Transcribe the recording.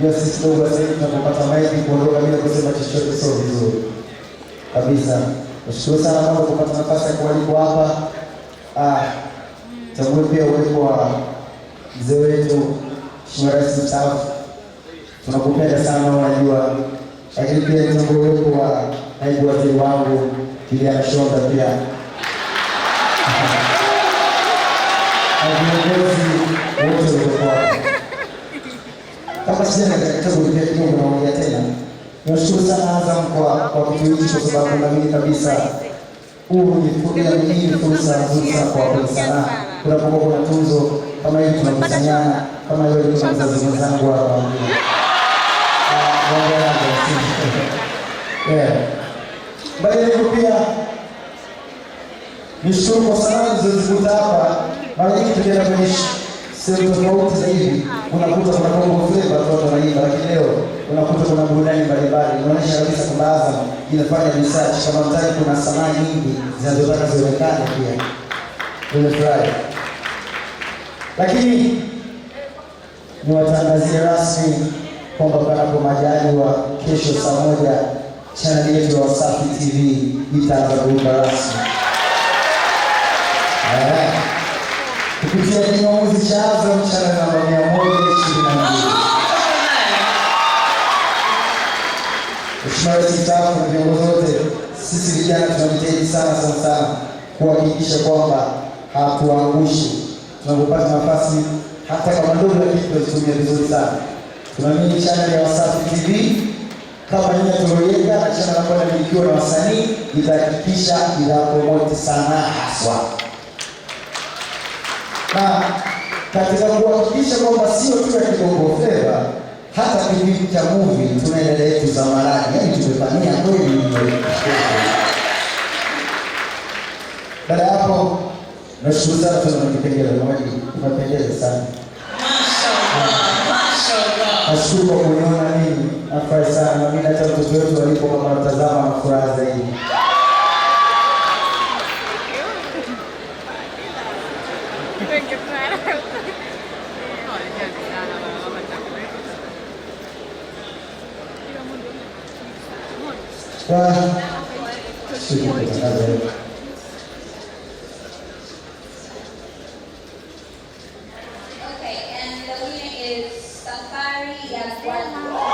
hiyo sisi dogo sasa tunapopata maiki kuondoka bila kusema chochote sio vizuri kabisa. Nashukuru sana kwa kupata nafasi ya kualikwa hapa. Ah, tambue pia uwepo wa mzee wetu Mheshimiwa Rais mstaafu, tunakupenda sana unajua, lakini pia tambue uwepo wa naibu waziri wangu Kiliana Shonda pia ah, Kabla sijaenda katika kitabu kile kidogo naongea tena. Nashukuru sana Azam kwa kwa kitu hicho kwa sababu naamini kabisa huu ni kulia ni fursa nzuri sana kwa watu sana. Kuna kwa kuna tuzo kama hiyo tunakusanyana kama hiyo ni kwanza zangu hapa. Eh. Baada ya pia nishukuru kwa sana zilizokuta hapa. Mara nyingi tukienda kwenye sehemu tofauti zaidi unakuta kuna Bongo Flava watu wanaimba, lakini leo unakuta kuna burudani mbalimbali. unaonyesha kabisa kwamba Azam inafanya research kama mtaji, kuna sanaa nyingi zinazotaka zionekane pia kwenye Lakini niwatangazie rasmi kwamba panapo majaliwa, kesho saa moja chaneli yetu ya Wasafi TV itaanza kuunda rasmi kupitia kinyomuzi cha Azam cha namba mia moja ishirini na mbili. Mheshimiwa Rais Mstaafu na viongozi wote, sisi vijana tunajitahidi sana sana sana kuhakikisha kwamba hatuangushi tunapopata nafasi, hata kama ndogo, lakini tunazitumia vizuri sana. Tunaamini chaneli ya Wasafi TV kama nyinyi tuliojenga na chaneli ambayo na wasanii itahakikisha inapromote sana haswa na katika kuhakikisha kwamba sio tu ya Kigongo fedha, hata kipindi cha muvi tunaendelea kuzamarani, yaani tumefanyia kweli. Baada ya hapo, nashukuru sana, tuna kipengele moja, umependeza sana, nashukuru kwa kuniona mimi, nafurahi sana mimi, hata watoto wetu walipo wanatazama na furaha zaidi. Okay, and the winner is Safari Yagwan.